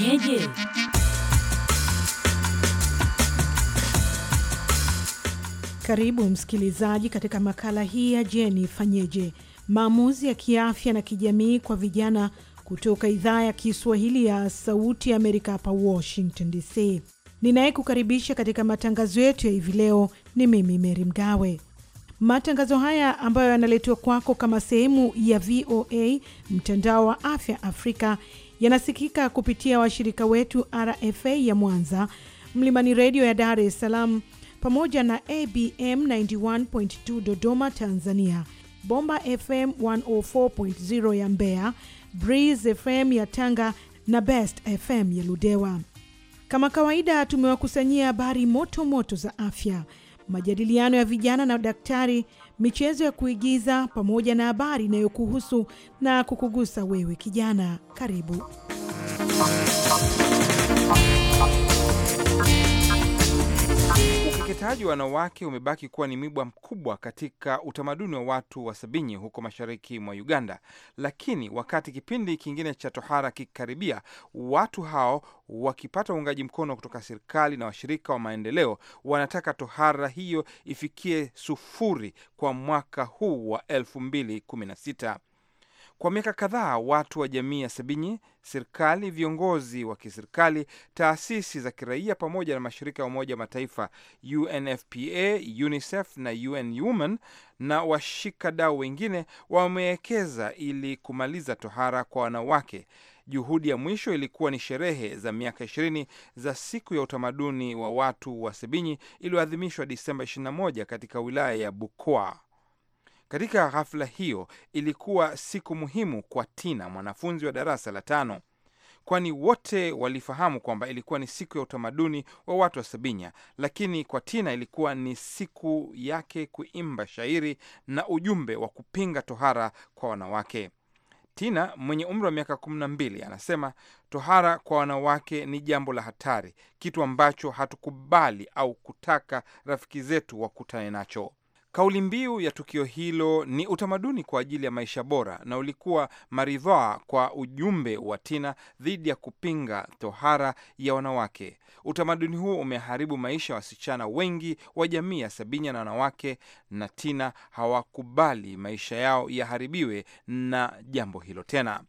Nifanyeje? Karibu msikilizaji katika makala hii ya jeni fanyeje maamuzi ya kiafya na kijamii kwa vijana kutoka idhaa ya Kiswahili ya Sauti ya Amerika hapa Washington DC. Ninayekukaribisha katika matangazo yetu ya hivi leo ni mimi Meri Mgawe. Matangazo haya ambayo yanaletwa kwako kama sehemu ya VOA mtandao wa afya Afrika yanasikika kupitia washirika wetu RFA ya Mwanza, Mlimani Redio ya Dar es Salaam, pamoja na ABM 91.2 Dodoma, Tanzania, Bomba FM 104.0 ya Mbeya, Breeze FM ya Tanga na Best FM ya Ludewa. Kama kawaida, tumewakusanyia habari moto moto za afya majadiliano ya vijana na daktari, michezo ya kuigiza pamoja na habari inayokuhusu na kukugusa wewe kijana. Karibu. Ukeketaji wa wanawake umebaki kuwa ni mwiba mkubwa katika utamaduni wa watu wa sabinyi huko mashariki mwa Uganda, lakini wakati kipindi kingine cha tohara kikikaribia, watu hao wakipata uungaji mkono kutoka serikali na washirika wa maendeleo, wanataka tohara hiyo ifikie sufuri kwa mwaka huu wa 2016. Kwa miaka kadhaa watu wa jamii ya Sabinyi, serikali, viongozi wa kiserikali, taasisi za kiraia, pamoja na mashirika ya Umoja wa Mataifa, UNFPA, UNICEF na UN Women na washikadau wengine wamewekeza ili kumaliza tohara kwa wanawake. Juhudi ya mwisho ilikuwa ni sherehe za miaka ishirini za siku ya utamaduni wa watu wa Sebinyi iliyoadhimishwa Disemba 21 katika wilaya ya Bukoa. Katika hafla hiyo ilikuwa siku muhimu kwa Tina, mwanafunzi wa darasa la tano, kwani wote walifahamu kwamba ilikuwa ni siku ya utamaduni wa watu wa Sabinya, lakini kwa Tina ilikuwa ni siku yake kuimba shairi na ujumbe wa kupinga tohara kwa wanawake. Tina mwenye umri wa miaka kumi na mbili anasema tohara kwa wanawake ni jambo la hatari, kitu ambacho hatukubali au kutaka rafiki zetu wakutane nacho. Kauli mbiu ya tukio hilo ni utamaduni kwa ajili ya maisha bora, na ulikuwa maridhaa kwa ujumbe wa Tina dhidi ya kupinga tohara ya wanawake. Utamaduni huo umeharibu maisha ya wasichana wengi wa jamii ya Sabinya na wanawake, na Tina hawakubali maisha yao yaharibiwe na jambo hilo tena.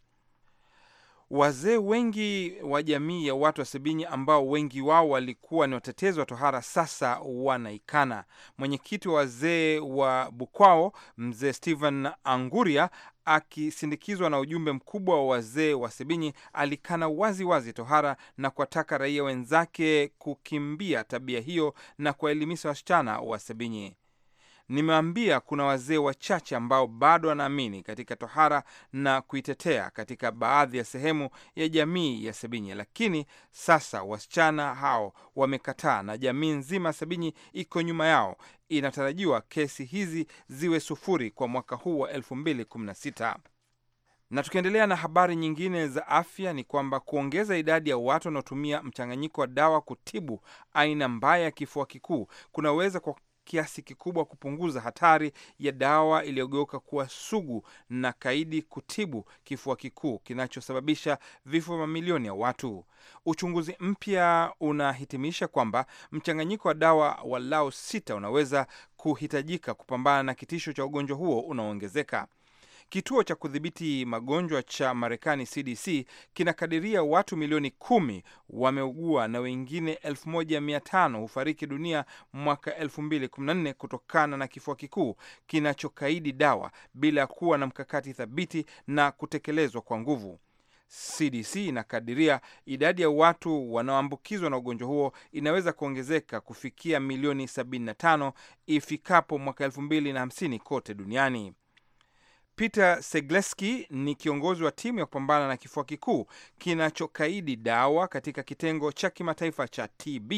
Wazee wengi wa jamii ya watu wa Sabini ambao wengi wao walikuwa ni watetezi wa tohara sasa wanaikana. Mwenyekiti wa wazee wa Bukwao, mzee Stephen Anguria, akisindikizwa na ujumbe mkubwa wa wazee wa Sabini, alikana waziwazi wazi tohara na kuwataka raia wenzake kukimbia tabia hiyo na kuwaelimisha wasichana wa Sabini. Nimeambia kuna wazee wachache ambao bado wanaamini katika tohara na kuitetea katika baadhi ya sehemu ya jamii ya Sebinyi, lakini sasa wasichana hao wamekataa na jamii nzima Sebinyi iko nyuma yao. Inatarajiwa kesi hizi ziwe sufuri kwa mwaka huu wa 2016 na tukiendelea na habari nyingine za afya ni kwamba kuongeza idadi ya watu wanaotumia mchanganyiko wa dawa kutibu aina mbaya ya kifua kikuu kunaweza kiasi kikubwa kupunguza hatari ya dawa iliyogeuka kuwa sugu na kaidi kutibu kifua kikuu kinachosababisha vifo mamilioni ya watu. Uchunguzi mpya unahitimisha kwamba mchanganyiko wa dawa walau sita unaweza kuhitajika kupambana na kitisho cha ugonjwa huo unaoongezeka. Kituo cha kudhibiti magonjwa cha Marekani, CDC, kinakadiria watu milioni kumi wameugua na wengine tano hufariki dunia mwaka nne kutokana na kifua kikuu kinachokaidi dawa bila ya kuwa na mkakati thabiti na kutekelezwa kwa nguvu. CDC inakadiria idadi ya watu wanaoambukizwa na ugonjwa huo inaweza kuongezeka kufikia milioni 75 ifikapo mwaka 2050 kote duniani. Peter Segleski ni kiongozi wa timu ya kupambana na kifua kikuu kinachokaidi dawa katika kitengo cha kimataifa cha TB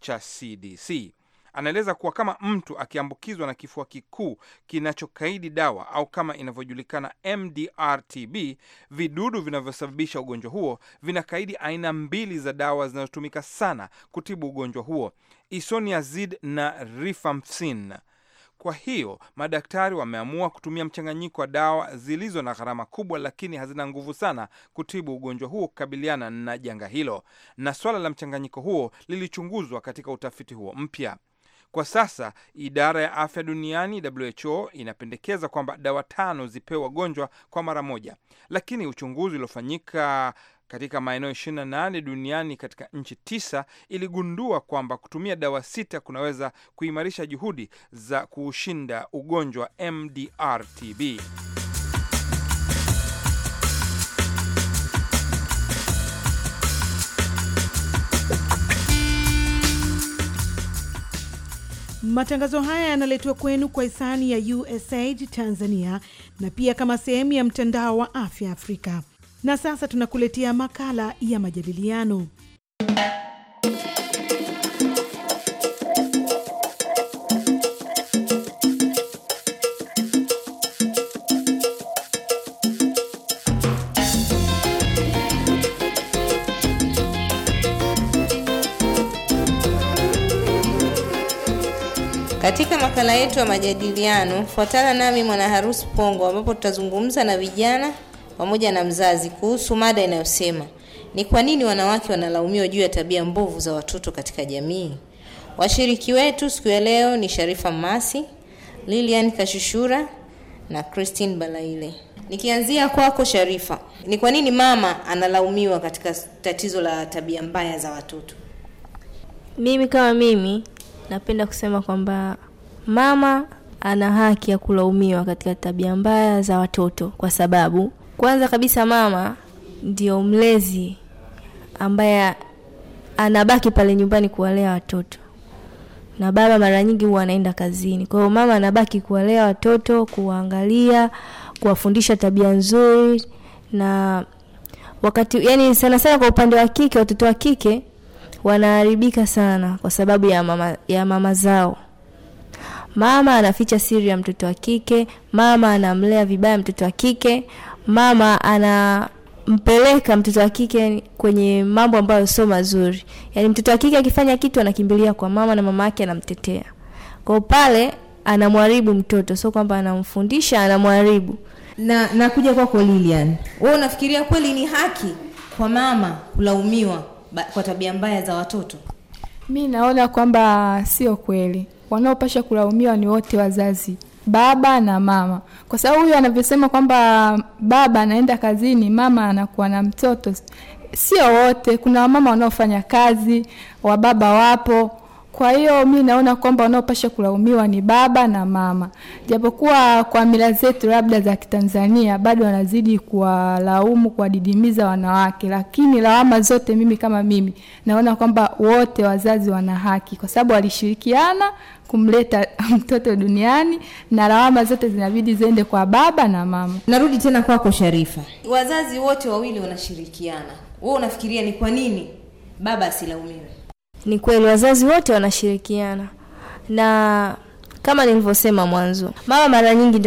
cha CDC. Anaeleza kuwa kama mtu akiambukizwa na kifua kikuu kinachokaidi dawa au kama inavyojulikana MDR-TB, vidudu vinavyosababisha ugonjwa huo vinakaidi aina mbili za dawa zinazotumika sana kutibu ugonjwa huo, isoniazid na rifampicin. Kwa hiyo madaktari wameamua kutumia mchanganyiko wa dawa zilizo na gharama kubwa, lakini hazina nguvu sana kutibu ugonjwa huo, kukabiliana na janga hilo. Na swala la mchanganyiko huo lilichunguzwa katika utafiti huo mpya. Kwa sasa idara ya afya duniani WHO inapendekeza kwamba dawa tano zipewe wagonjwa kwa mara moja, lakini uchunguzi uliofanyika katika maeneo 28 duniani katika nchi tisa iligundua kwamba kutumia dawa sita kunaweza kuimarisha juhudi za kuushinda ugonjwa wa MDR-TB. Matangazo haya yanaletwa kwenu kwa hisani ya USAID Tanzania na pia kama sehemu ya mtandao wa afya Afrika. Na sasa tunakuletea makala ya majadiliano. Katika makala yetu ya majadiliano, fuatana nami Mwanaharusi Pongo, ambapo tutazungumza na vijana pamoja na mzazi kuhusu mada inayosema ni kwa nini wanawake wanalaumiwa juu ya tabia mbovu za watoto katika jamii. Washiriki wetu siku ya leo ni Sharifa Masi, Lilian Kashushura na Christine Balaile. Nikianzia kwako Sharifa, ni kwa nini mama analaumiwa katika tatizo la tabia mbaya za watoto? Mimi kama mimi napenda kusema kwamba mama ana haki ya kulaumiwa katika tabia mbaya za watoto kwa sababu kwanza kabisa mama ndio mlezi ambaye anabaki pale nyumbani kuwalea watoto na baba mara nyingi huwa anaenda kazini. Kwa hiyo mama anabaki kuwalea watoto, kuwaangalia, kuwafundisha tabia nzuri na wakati, yani sana sana kwa upande wa kike, watoto wa kike wanaharibika sana kwa sababu ya mama, ya mama zao. Mama anaficha siri ya mtoto wa kike, mama anamlea vibaya mtoto wa kike mama anampeleka mtoto wa kike kwenye mambo ambayo sio mazuri. Yaani mtoto wa kike akifanya kitu anakimbilia kwa mama na mama yake anamtetea. Kwa pale anamwharibu mtoto, sio kwamba anamfundisha, anamwharibu Na nakuja kwako Lilian, wewe unafikiria kweli ni haki kwa mama kulaumiwa kwa tabia mbaya za watoto? Mi naona kwamba sio kweli. Wanaopasha kulaumiwa ni wote wazazi, baba na mama, kwa sababu huyu anavyosema kwamba baba anaenda kazini, mama anakuwa na mtoto. Sio wote, kuna wamama wanaofanya kazi, wababa wapo kwa hiyo mi naona kwamba wanaopasha kulaumiwa ni baba na mama, japokuwa kwa mila zetu labda za Kitanzania bado wanazidi kuwalaumu, kuwadidimiza wanawake, lakini lawama zote, mimi kama mimi naona kwamba wote wazazi wana haki, kwa sababu walishirikiana kumleta mtoto duniani, na lawama zote zinabidi ziende kwa baba na mama. Narudi tena kwako Sharifa, wazazi wote wawili wanashirikiana, wewe unafikiria ni kwa nini baba asilaumiwe? Ni kweli wazazi wote wanashirikiana na kama nilivyosema mwanzo, mama mara nyingi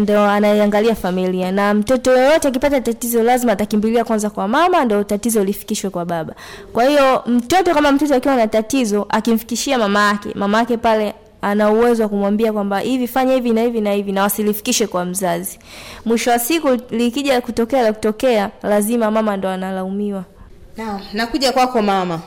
ndo anaiangalia familia, na mtoto yoyote akipata tatizo lazima atakimbilia kwanza kwa mama, ndo tatizo lifikishwe kwa baba. Kwa hiyo mtoto kama mtoto akiwa na tatizo akimfikishia mama yake, mama yake pale ana uwezo wa kumwambia kwamba hivi fanya hivi na hivi na hivi, na wasilifikishe kwa mzazi. Mwisho wa siku likija kutokea la kutokea, lazima mama ndo analaumiwa. na, nakuja kwako mama.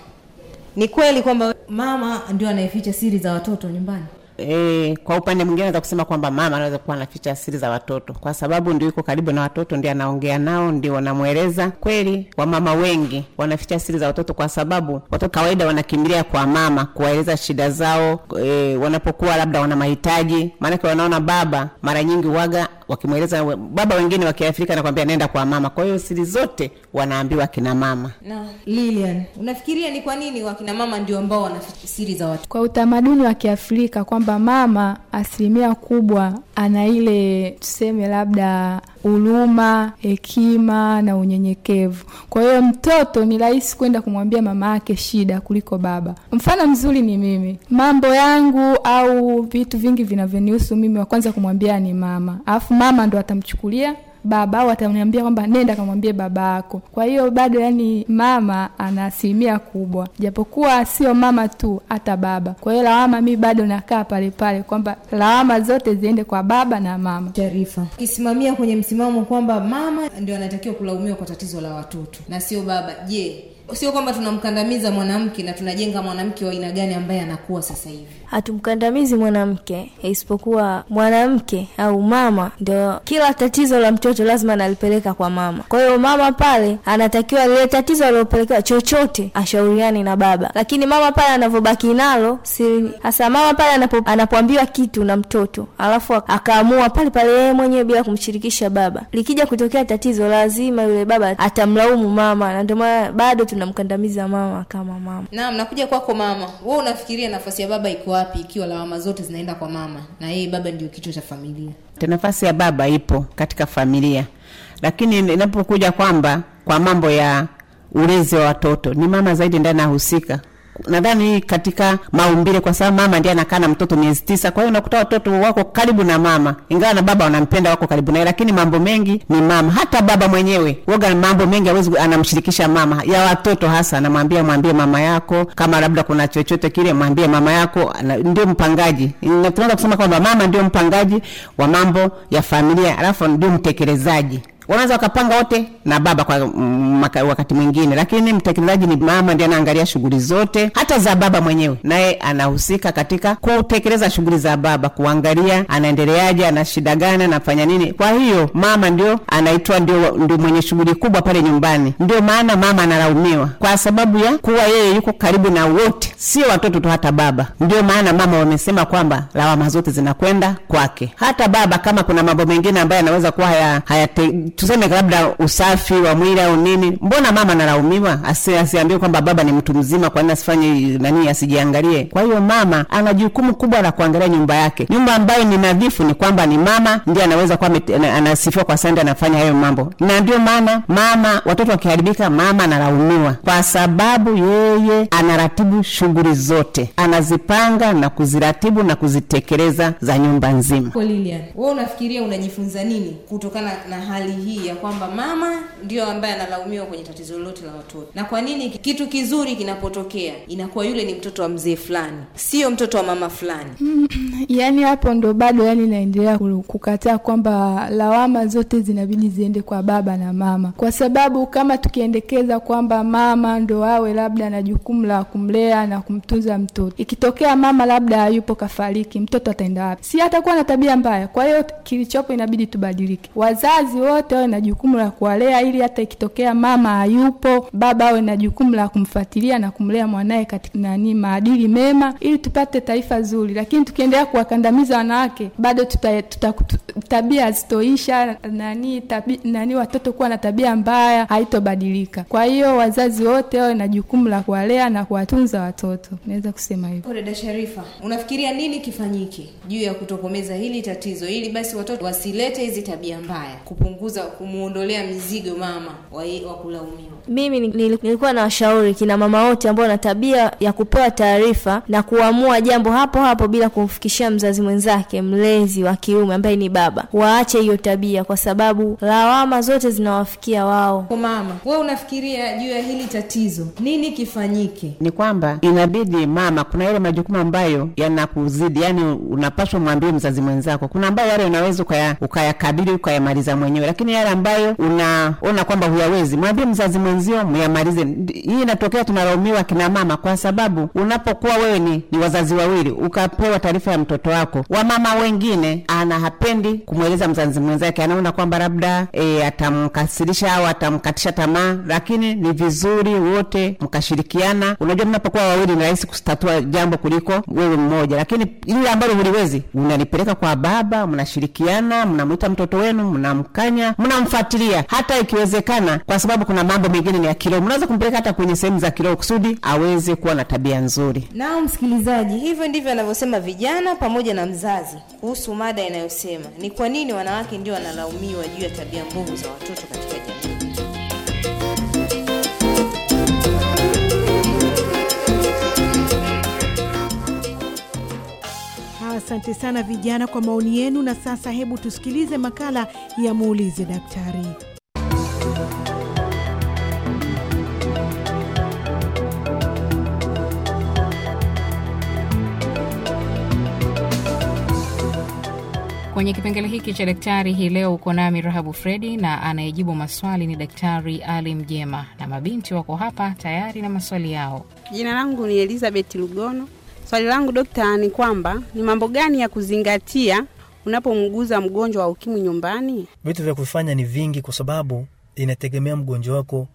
Ni kweli kwamba mama ndio anayeficha siri za watoto nyumbani? e, kwa upande mwingine naweza kusema kwamba mama anaweza kuwa anaficha siri za watoto, kwa sababu ndio yuko karibu na watoto, ndio anaongea nao, ndio wanamweleza. Kweli wamama wengi wanaficha siri za watoto, kwa sababu watoto kawaida wanakimbilia kwa mama kuwaeleza shida zao e, wanapokuwa labda wana mahitaji, maanake wanaona baba mara nyingi waga wakimweleza baba, wengine wa Kiafrika nakwambia naenda kwa mama. Kwa hiyo siri zote wanaambiwa akina mama. Na Lilian, unafikiria ni kwa nini wakina mama ndio ambao wanaficha siri za watu? Kwa utamaduni wa Kiafrika kwamba kwamba mama asilimia kubwa ana ile tuseme labda huruma, hekima na unyenyekevu. Kwa hiyo mtoto ni rahisi kwenda kumwambia mama yake shida kuliko baba. Mfano mzuri ni mimi, mambo yangu au vitu vingi vinavyonihusu mimi, wa kwanza kumwambia ni mama, alafu mama ndo atamchukulia baba au ataniambia kwamba nenda kamwambie baba yako. Kwa hiyo bado yani mama ana asilimia kubwa, japokuwa sio mama tu, hata baba. Kwa hiyo lawama, mi bado nakaa pale pale kwamba lawama zote ziende kwa baba na mama. Sharifa ukisimamia kwenye msimamo kwamba mama ndio anatakiwa kulaumiwa kwa tatizo la watoto na sio baba, je, sio kwamba tunamkandamiza mwanamke na tunajenga mwanamke wa aina gani ambaye anakuwa sasa hivi? hatumkandamizi mwanamke, isipokuwa mwanamke au mama ndo kila tatizo la mtoto lazima analipeleka kwa mama. Kwa hiyo mama pale anatakiwa lile tatizo aliopelekewa chochote ashauriane na baba, lakini mama pale anavyobaki nalo si hasa mama pale anapo, anapoambiwa kitu na mtoto alafu akaamua pale pale yeye mwenyewe bila kumshirikisha baba, likija kutokea tatizo lazima yule baba atamlaumu mama, na ndio maana bado tunamkandamiza mama kama mama. Naam, nakuja kwako mama, wewe unafikiria nafasi ya baba iko wapi ikiwa lawama zote zinaenda kwa mama na yeye baba ndio kichwa cha familia. Nafasi ya baba ipo katika familia, lakini inapokuja kwamba kwa mambo ya ulezi wa watoto ni mama zaidi ndiye anahusika, nadhani katika maumbile, kwa sababu mama ndiye anakaa na mtoto miezi tisa. Kwa hiyo unakuta watoto wako karibu na mama, ingawa na baba wanampenda, wako karibu naye, lakini mambo mengi ni mama. Hata baba mwenyewe woga, mambo mengi awezi anamshirikisha mama, ya watoto hasa anamwambia, mwambie mama yako kama labda kuna chochote kile, mwambie mama yako, ndio mpangaji. Tunaweza kusema kwamba mama ndio mpangaji wa mambo ya familia, alafu ndio mtekelezaji wanaweza wakapanga wote na baba kwa maka, mm, wakati mwingine, lakini mtekelezaji ni mama, ndiye anaangalia shughuli zote hata za baba mwenyewe, naye anahusika katika kutekeleza shughuli za baba, kuangalia anaendeleaje, ana shida gani, anafanya nini. Kwa hiyo mama ndio anaitwa ndio, ndio mwenye shughuli kubwa pale nyumbani. Ndio maana mama analaumiwa kwa sababu ya kuwa yeye yuko karibu na wote, sio watoto tu, hata baba. Ndio maana mama wamesema kwamba lawama zote zinakwenda kwake, hata baba, kama kuna mambo mengine ambayo anaweza kuwa haya, haya te, tuseme labda usafi wa mwili au nini, mbona mama analaumiwa? Asiambie kwamba baba ni mtu mzima, kwa nini asifanye nani, asijiangalie? Kwa hiyo mama ana jukumu kubwa la kuangalia nyumba yake. Nyumba ambayo ni nadhifu, ni kwamba ni mama ndiye anaweza kuwa anasifiwa kwa sasa anafanya hayo mambo, na ndio maana mama, watoto wakiharibika, mama analaumiwa kwa sababu yeye anaratibu shughuli zote, anazipanga na kuziratibu na kuzitekeleza za nyumba nzima. wewe unafikiria unajifunza nini kutokana na hali hii ya kwamba mama ndiyo ambaye analaumiwa kwenye tatizo lolote la watoto. Na kwa nini kitu kizuri kinapotokea inakuwa yule ni mtoto wa mzee fulani, sio mtoto wa mama fulani? Mm, yani hapo ndo bado, yani naendelea kukataa kwamba lawama zote zinabidi ziende kwa baba na mama, kwa sababu kama tukiendekeza kwamba mama ndo awe labda na jukumu la kumlea na kumtunza mtoto, ikitokea mama labda yupo kafariki, mtoto ataenda wapi? Si atakuwa na tabia mbaya. Kwa hiyo kilichopo inabidi tubadilike, wazazi wote wote awe na jukumu la kuwalea, ili hata ikitokea mama hayupo, baba awe na jukumu la kumfuatilia na kumlea mwanaye katika nani maadili mema, ili tupate taifa zuri. Lakini tukiendelea kuwakandamiza wanawake, bado tuta, tuta, tabia hazitoisha, nani, tabi, nani watoto kuwa na tabia mbaya haitobadilika. Kwa hiyo wazazi wote wawe na jukumu la kuwalea na kuwatunza watoto, naweza kusema hivyo. Dada Sharifa, unafikiria nini kifanyike juu ya kutokomeza hili tatizo, ili basi watoto wasilete hizi tabia mbaya, kupunguza kupunguza kumuondolea mizigo mama wa kulaumiwa. Mimi nilikuwa na washauri kina mama wote ambao na tabia ya kupewa taarifa na kuamua jambo hapo hapo bila kumfikishia mzazi mwenzake mlezi wa kiume ambaye ni baba, waache hiyo tabia, kwa sababu lawama zote zinawafikia wao. Kwa mama, wewe unafikiria juu ya hili tatizo nini kifanyike? Ni kwamba inabidi mama, kuna yale majukumu ambayo yanakuzidi, yani unapaswa mwambie mzazi mwenzako. Kuna ambayo yale unaweza ukayakabili ukayamaliza mwenyewe, lakini ni yaani yale ambayo unaona kwamba huyawezi, mwambie mzazi mwenzio myamalize. Hii inatokea tunalaumiwa kina mama, kwa sababu unapokuwa wewe ni, ni wazazi wawili ukapewa taarifa ya mtoto wako, wamama wengine ana hapendi kumweleza mzazi mwenzake, anaona kwamba labda e, atamkasirisha au atamkatisha tamaa, lakini ni vizuri wote mkashirikiana. Unajua, mnapokuwa wawili ni rahisi kutatua jambo kuliko wewe mmoja, lakini ile ambalo huliwezi unalipeleka kwa baba, mnashirikiana, mnamwita mtoto wenu, mnamkanya mnamfuatilia hata ikiwezekana, kwa sababu kuna mambo mengine ni ya kiroho, mnaweza kumpeleka hata kwenye sehemu za kiroho kusudi aweze kuwa na tabia nzuri. Nao msikilizaji, hivyo ndivyo anavyosema vijana pamoja na mzazi kuhusu mada inayosema ni kwa nini wanawake ndio wanalaumiwa juu ya tabia mbovu za watoto katika jamii. Asante sana vijana kwa maoni yenu. Na sasa hebu tusikilize makala ya muulize daktari. Kwenye kipengele hiki cha daktari hii leo uko nami Rahabu Fredi, na anayejibu maswali ni Daktari Ali Mjema, na mabinti wako hapa tayari na maswali yao. Jina langu ni Elizabeth Lugono Swali langu dokta ni kwamba ni mambo gani ya kuzingatia unapomguza mgonjwa wa ukimwi nyumbani? Vitu vya kufanya ni vingi, kwa sababu inategemea mgonjwa wako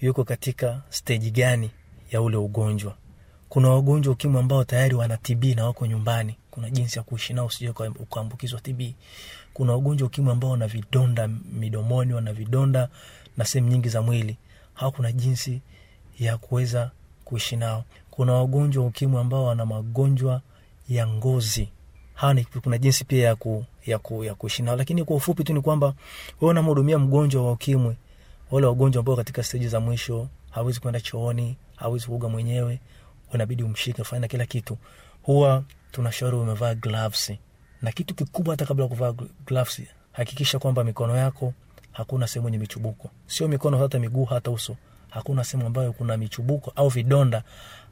yuko katika steji gani ya ule ugonjwa. Kuna wagonjwa ukimwi ambao tayari wana TB na wako nyumbani, kuna jinsi ya kuishi nao usije ukaambukizwa TB. Kuna wagonjwa ukimwi ambao wana vidonda midomoni, wana vidonda na sehemu nyingi za mwili, hawa kuna jinsi ya kuweza kuishi nao kuna wagonjwa ukimwi ambao wana magonjwa ya ngozi hani, kuna jinsi pia ya, ku, ya, ku, ya kuishi nao, lakini kwa ufupi tu ni kwamba wewe unamhudumia mgonjwa wa ukimwi, wale wagonjwa ambao katika stage za mwisho, hawezi kwenda chooni, hawezi kuoga mwenyewe, unabidi umshike, fanya kila kitu. Huwa tunashauri umevaa gloves, na kitu kikubwa, hata kabla ya kuvaa gloves, hakikisha kwamba mikono yako hakuna sehemu yenye michubuko, sio mikono, hata miguu, hata uso hakuna sehemu ambayo kuna michubuko au vidonda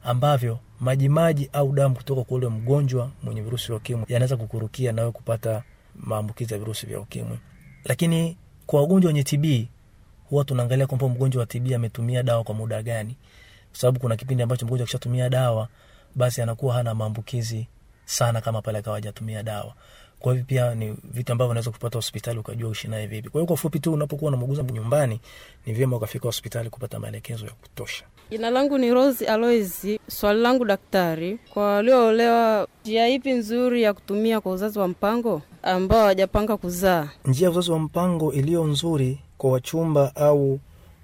ambavyo majimaji au damu kutoka kwa ule mgonjwa mwenye virusi vya ukimwi yanaweza kukurukia nawe kupata maambukizi ya virusi vya ukimwi. Lakini kwa wagonjwa wenye TB huwa tunaangalia kwamba mgonjwa wa TB ametumia dawa kwa muda gani, kwa sababu kuna kipindi ambacho mgonjwa akishatumia dawa basi anakuwa hana maambukizi sana kama pale akawa hajatumia dawa. Kwa hivyo pia ni vitu ambavyo unaweza kupata hospitali ukajua uishi naye vipi. Kwa hiyo kwa ufupi tu, unapokuwa unamuuguza nyumbani, ni vyema ukafika hospitali kupata maelekezo ya kutosha. Jina langu ni Rose Aloisi. Swali langu daktari, kwa walioolewa, njia ipi nzuri ya kutumia kwa uzazi wa mpango ambao hawajapanga kuzaa? Njia ya uzazi wa mpango iliyo nzuri kwa wachumba au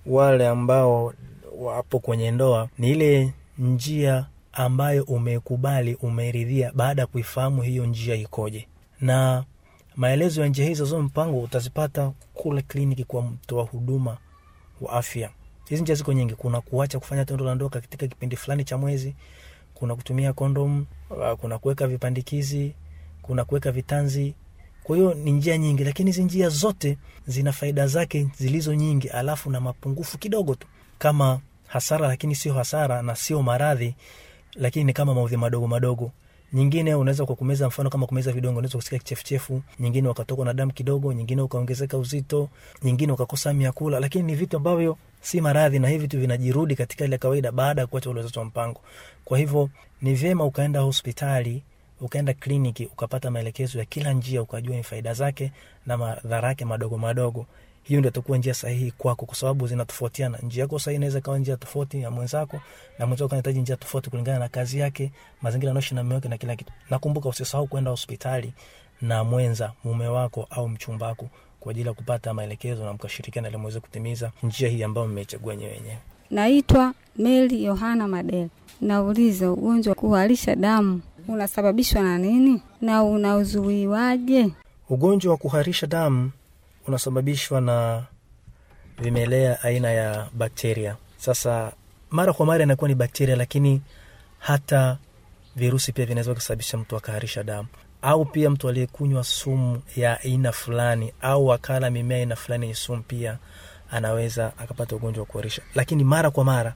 wale ambao wapo kwenye ndoa ni ile njia ambayo umekubali, umeridhia, baada ya kuifahamu hiyo njia ikoje na maelezo ya njia hizo zo mpango utazipata kule kliniki kwa mtoa huduma wa afya. Hizi njia ziko nyingi. Kuna kuacha kufanya tendo la ndoa katika kipindi fulani cha mwezi, kuna kutumia kondom uh, kuna kuweka vipandikizi, kuna kuweka vitanzi. Kwa hiyo ni njia nyingi, lakini hizi njia zote zina faida zake zilizo nyingi, alafu na mapungufu kidogo tu kama hasara, lakini sio hasara na sio maradhi, lakini ni kama maudhi madogo madogo nyingine unaweza kwa mfano kama kumeza vidongo, unaweza kusikia kichefuchefu, nyingine wakatokwa na damu kidogo, nyingine ukaongezeka uzito, nyingine ukakosa hamu ya kula, lakini ni vitu ambavyo si maradhi, na hivi vitu vinajirudi katika ile kawaida baada ya kuacha ule uzazi wa mpango. Kwa hivyo ni vyema ukaenda hospitali ukaenda kliniki ukapata maelekezo ya kila njia, ukajua ni faida zake na madhara yake madogo madogo, hiyo ndio itakuwa njia sahihi kwako, kwa sababu zinatofautiana. Njia yako sahihi inaweza kawa njia tofauti ya mwenzako, na mwenzako anahitaji njia tofauti kulingana na kazi yake, mazingira anayoishi na mume wake na kila kitu. Nakumbuka, usisahau kwenda hospitali na mwenza mume wako au mchumba wako kwa ajili ya kupata maelekezo na mkashirikiana ili muweze kutimiza njia hii ambayo mmechagua nyewe wenyewe. Naitwa Meli Yohana Madel. Nauliza, ugonjwa wa kuharisha damu unasababishwa na nini na unauzuiwaje? Ugonjwa wa kuharisha damu unasababishwa na vimelea aina ya bakteria. Sasa mara kwa mara inakuwa ni bakteria, lakini hata virusi pia vinaweza kusababisha mtu akaharisha damu, au pia mtu aliyekunywa sumu ya aina fulani au akala mimea aina fulani yenye sumu pia anaweza akapata ugonjwa wa kuharisha. Lakini mara kwa mara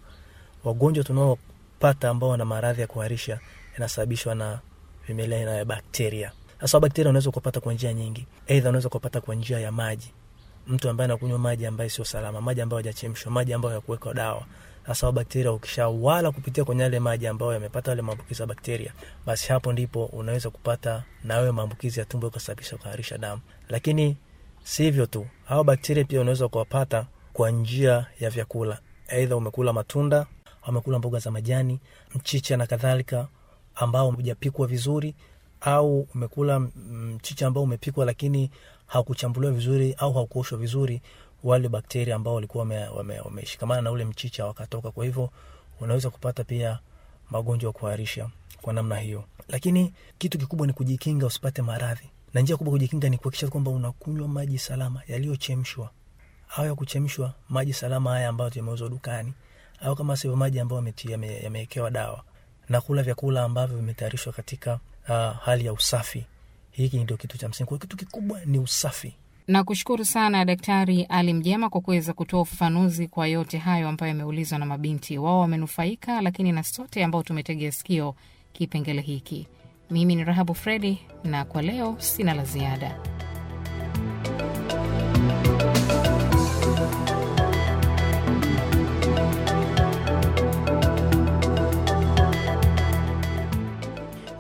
wagonjwa tunaopata ambao wana maradhi ya kuharisha yanasababishwa na vimelea aina ya bakteria. Sasa bakteria unaweza kupata kwa njia nyingi. Aidha unaweza kupata kwa njia ya maji. Mtu ambaye anakunywa maji ambayo sio salama, maji ambayo maji ambayo hayakuwekwa dawa. Sasa bakteria ukishawala kupitia kwenye yale maji ambayo yamepata yale maambukizi ya bakteria, basi hapo ndipo unaweza kupata na wewe maambukizi ya tumbo yakasababisha kuharisha damu. Lakini si hivyo tu, hao bakteria pia unaweza kuwapata kwa njia ya vyakula. Aidha umekula matunda, umekula mboga za majani, mchicha na kadhalika ambao hujapikwa vizuri au umekula mm, mchicha ambao umepikwa lakini haukuchambuliwa vizuri au haukuoshwa vizuri, wale bakteria ambao walikuwa wameshikamana wame, wame na ule mchicha wakatoka. Kwa hivyo unaweza kupata pia magonjwa ya kuharisha kwa namna hiyo. Lakini kitu kikubwa ni kujikinga usipate maradhi, na njia kubwa kujikinga ni kuhakikisha kwamba unakunywa maji salama yaliyochemshwa au ya kuchemshwa, maji salama haya ambayo tumeuzwa dukani, au kama sivyo maji ambayo yamewekewa dawa, na kula vyakula ambavyo vimetayarishwa katika uh, hali ya usafi. Hiki ndio kitu cha msingi, kwa kitu kikubwa ni usafi. Nakushukuru sana Daktari Ali Mjema kwa kuweza kutoa ufafanuzi kwa yote hayo ambayo yameulizwa na mabinti. Wao wamenufaika, lakini na sote ambao tumetegea sikio kipengele hiki. Mimi ni Rahabu Fredi na kwa leo sina la ziada.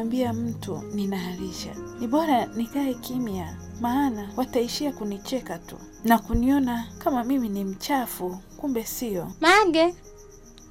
kumwambia mtu ninaharisha. Ni bora nikae kimya, maana wataishia kunicheka tu na kuniona kama mimi ni mchafu, kumbe sio. Mage,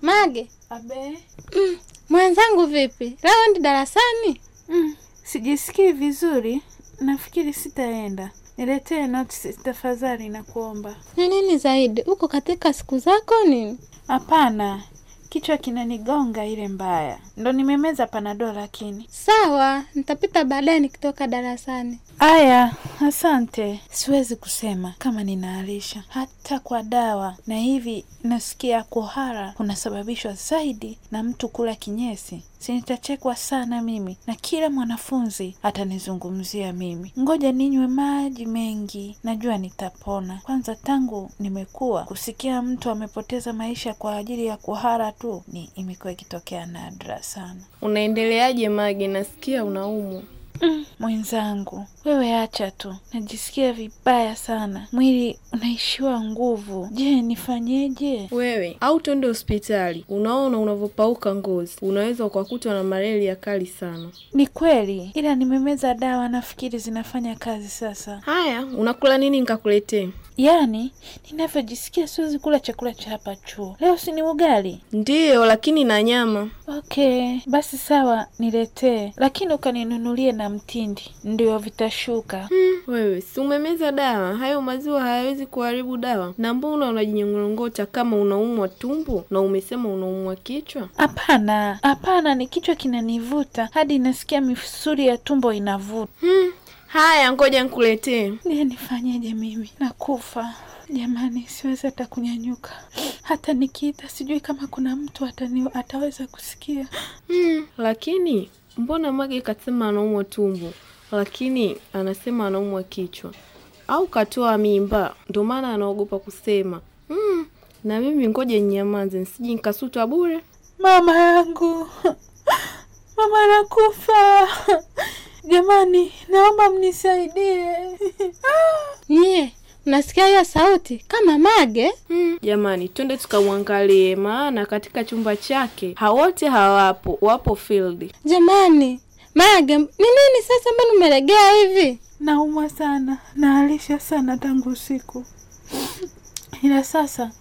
Mage abe, mm, mwenzangu vipi leo, ndi darasani? Mm, sijisikii vizuri, nafikiri sitaenda. Niletee notisi tafadhali, kuomba. Ni nini zaidi, uko katika siku zako nini? Hapana, Kichwa kinanigonga ile mbaya, ndo nimemeza panado. Lakini sawa, nitapita baadaye nikitoka darasani. Aya, asante. Siwezi kusema kama ninaarisha hata kwa dawa, na hivi nasikia kuhara kunasababishwa zaidi na mtu kula kinyesi si nitachekwa sana mimi na kila mwanafunzi atanizungumzia mimi. Ngoja ninywe maji mengi, najua nitapona. Kwanza tangu nimekuwa, kusikia mtu amepoteza maisha kwa ajili ya kuhara tu ni imekuwa ikitokea nadra sana. Unaendeleaje Magi? Nasikia unaumwa. Mm, mwenzangu wewe acha tu, najisikia vibaya sana, mwili unaishiwa nguvu. Je, nifanyeje? Wewe au twende hospitali? Unaona unavyopauka ngozi, unaweza ukakutwa na malaria kali sana. Ni kweli, ila nimemeza dawa, nafikiri zinafanya kazi sasa. Haya, unakula nini nikakuletee? Yaani ninavyojisikia siwezi kula chakula cha hapa chuo leo. Si ni ugali? Ndiyo, lakini na nyama. Okay, basi sawa, niletee, lakini ukaninunulie na mtindi ndio vitashuka. Hmm, wewe si umemeza dawa? Hayo maziwa hayawezi kuharibu dawa. Na mbona unajinyongorongota kama unaumwa tumbo na umesema unaumwa kichwa? Hapana, hapana, ni kichwa kinanivuta hadi nasikia misuli ya tumbo inavuta. Hmm, haya ngoja nikuletee. Niye nifanyeje mimi? Nakufa jamani, siwezi hata kunyanyuka. Hata nikiita sijui kama kuna mtu atani, ataweza kusikia. Mm, lakini mbona Mage kasema anaumwa tumbo, lakini anasema anaumwa kichwa, au katoa mimba, ndo maana anaogopa kusema. Mm, na mimi ngoje nyamaze nisije nikasutwa bure. Mama yangu, mama nakufa jamani, naomba mnisaidie. yeah nasikia hiyo sauti kama mage mm. Jamani, twende tukamwangalie, maana katika chumba chake hawote hawapo, wapo field. Jamani, mage ni nini sasa? mbani umelegea hivi? Naumwa sana, naalisha sana tangu usiku ila sasa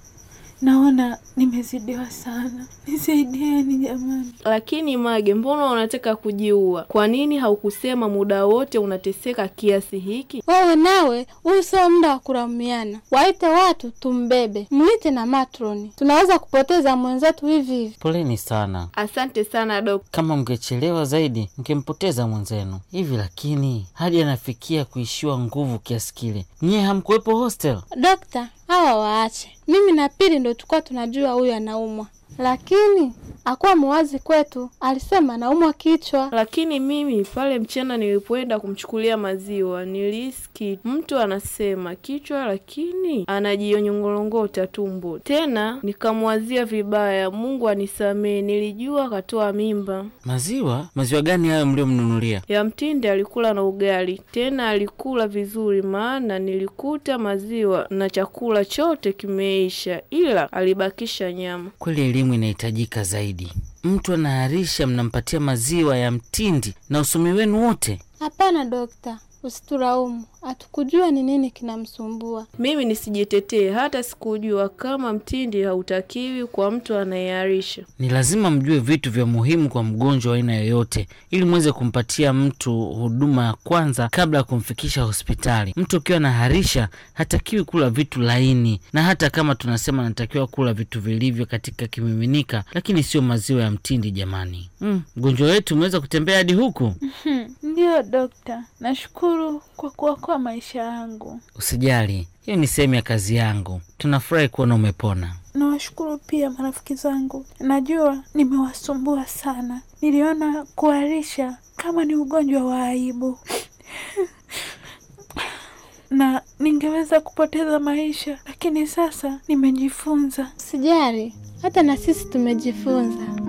Naona nimezidiwa sana, nisaidieni jamani. Lakini Mage, mbona unataka kujiua? Kwa nini haukusema muda wote unateseka kiasi hiki? Wewe nawe, huyu sio muda wa kuramiana. Waite watu tumbebe, mwite na matroni, tunaweza kupoteza mwenzetu hivi hivi. Poleni sana. Asante sana dok. Kama mngechelewa zaidi, mngempoteza mwenzenu hivi. Lakini hadi anafikia kuishiwa nguvu kiasi kile, nyie hamkuwepo hostel? Dokta, hawa waache. Mimi na Pili ndo tukuwa tunajua huyu anaumwa, lakini akuwa muwazi kwetu, alisema naumwa kichwa. Lakini mimi pale mchana nilipoenda kumchukulia maziwa niliski mtu anasema kichwa, lakini anajionyongolongota tumbo. Tena nikamwazia vibaya, Mungu anisamee, nilijua katoa mimba. Maziwa? Maziwa gani hayo mliomnunulia? Ya mtindi, alikula na ugali, tena alikula vizuri, maana nilikuta maziwa na chakula chote kimeisha, ila alibakisha nyama. Kweli elimu inahitajika zaidi. Mtu anaharisha, mnampatia maziwa ya mtindi na usomi wenu wote. Hapana dokta, Usitulaumu, hatukujua ni nini kinamsumbua. Mimi nisijitetee, hata sikujua kama mtindi hautakiwi kwa mtu anayearisha. Ni lazima mjue vitu vya muhimu kwa mgonjwa wa aina yoyote, ili mweze kumpatia mtu huduma ya kwanza kabla ya kumfikisha hospitali. Mtu ukiwa anaharisha, hatakiwi kula vitu laini, na hata kama tunasema anatakiwa kula vitu vilivyo katika kimiminika, lakini sio maziwa ya mtindi. Jamani, mm. mgonjwa mm, wetu umeweza kutembea hadi huku? Ndiyo dokta, nashukuru Nashukuru kwa kuokoa maisha yangu. Usijali, hiyo ni sehemu ya kazi yangu. Tunafurahi kuona umepona. Nawashukuru pia marafiki zangu, najua nimewasumbua sana. Niliona kuharisha kama ni ugonjwa wa aibu na ningeweza kupoteza maisha, lakini sasa nimejifunza. Usijali, hata na sisi tumejifunza.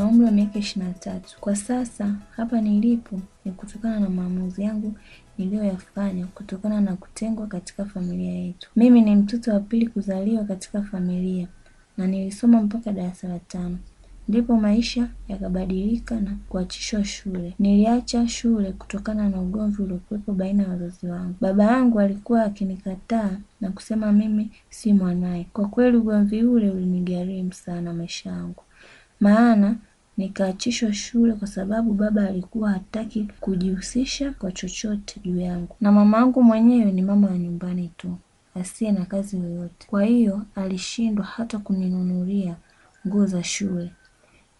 na umri wa miaka ishirini na tatu kwa sasa hapa nilipo ni kutokana na maamuzi yangu niliyoyafanya kutokana na kutengwa katika familia yetu. Mimi ni mtoto wa pili kuzaliwa katika familia na nilisoma mpaka darasa la tano ndipo maisha yakabadilika na kuachishwa shule. Niliacha shule kutokana na ugomvi uliokuwepo baina ya wazazi wangu. Baba yangu alikuwa akinikataa na kusema mimi si mwanaye. Kwa kweli ugomvi ule ulinigharimu sana maisha yangu, maana nikaachishwa shule kwa sababu baba alikuwa hataki kujihusisha kwa chochote juu yangu, na mama yangu mwenyewe ni mama wa nyumbani tu asiye na kazi yoyote. Kwa hiyo alishindwa hata kuninunulia nguo za shule.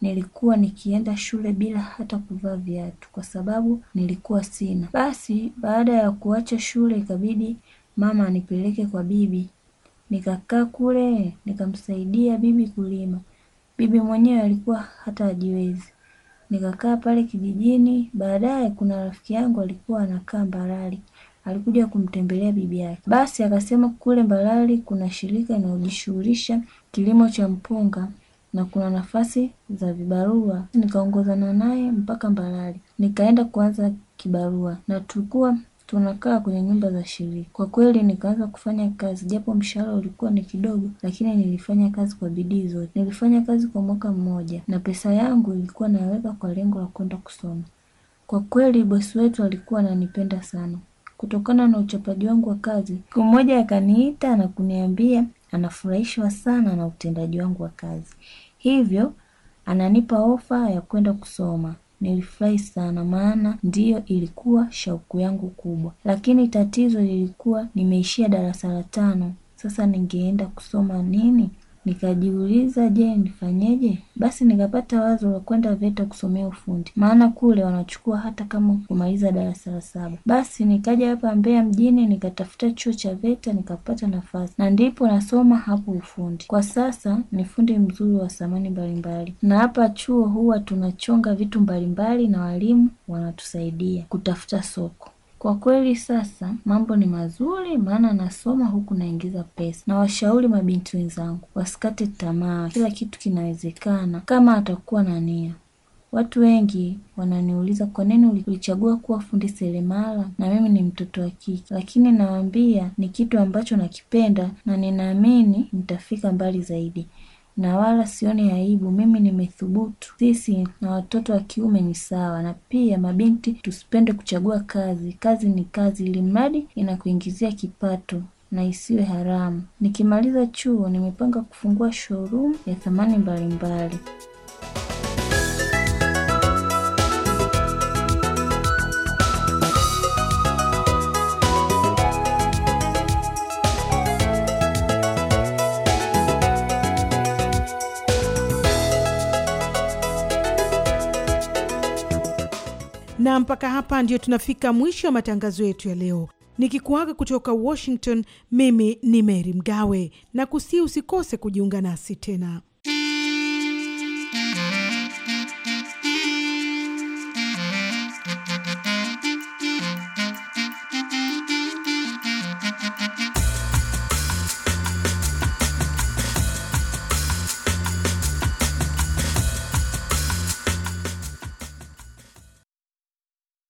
Nilikuwa nikienda shule bila hata kuvaa viatu kwa sababu nilikuwa sina. Basi baada ya kuacha shule ikabidi mama anipeleke kwa bibi. Nikakaa kule nikamsaidia bibi kulima bibi mwenyewe alikuwa hata hajiwezi. Nikakaa pale kijijini. Baadaye kuna rafiki yangu alikuwa anakaa Mbarali, alikuja kumtembelea bibi yake. Basi akasema kule Mbarali kuna shirika linalojishughulisha kilimo cha mpunga na kuna nafasi za vibarua. Nikaongozana naye mpaka Mbarali, nikaenda kuanza kibarua na tulikuwa tunakaa kwenye nyumba za shirika. Kwa kweli nikaanza kufanya kazi japo mshahara ulikuwa ni kidogo, lakini nilifanya kazi kwa bidii zote. Nilifanya kazi kwa mwaka mmoja na pesa yangu ilikuwa naweka kwa lengo la kwenda kusoma. Kwa kweli bosi wetu alikuwa ananipenda sana. Kutokana na uchapaji wangu wa kazi, siku moja akaniita na kuniambia anafurahishwa sana na utendaji wangu wa kazi, hivyo ananipa ofa ya kwenda kusoma. Nilifurahi sana maana ndiyo ilikuwa shauku yangu kubwa, lakini tatizo lilikuwa nimeishia darasa la tano. Sasa ningeenda kusoma nini? Nikajiuliza je, nifanyeje? Basi nikapata wazo la kwenda VETA kusomea ufundi, maana kule wanachukua hata kama kumaliza darasa la saba. Basi nikaja hapa Mbeya mjini nikatafuta chuo cha VETA nikapata nafasi, na ndipo nasoma hapo ufundi. Kwa sasa ni fundi mzuri wa samani mbalimbali, na hapa chuo huwa tunachonga vitu mbalimbali na walimu wanatusaidia kutafuta soko. Kwa kweli sasa mambo ni mazuri, maana nasoma huku naingiza pesa. Nawashauri mabinti wenzangu wasikate tamaa, kila kitu kinawezekana kama atakuwa na nia. Watu wengi wananiuliza kwa nini ulichagua kuwa fundi seremala na mimi ni mtoto wa kike, lakini nawaambia ni kitu ambacho nakipenda na ninaamini nitafika mbali zaidi na wala sioni aibu. Mimi nimethubutu. Sisi na watoto wa kiume ni sawa, na pia mabinti tusipende kuchagua kazi. Kazi ni kazi, ili mradi inakuingizia kipato na isiwe haramu. Nikimaliza chuo, nimepanga kufungua showroom ya thamani mbalimbali. mpaka hapa ndio tunafika mwisho wa matangazo yetu ya leo, nikikuaga kutoka Washington. Mimi ni Mary Mgawe na kusii, usikose kujiunga nasi tena.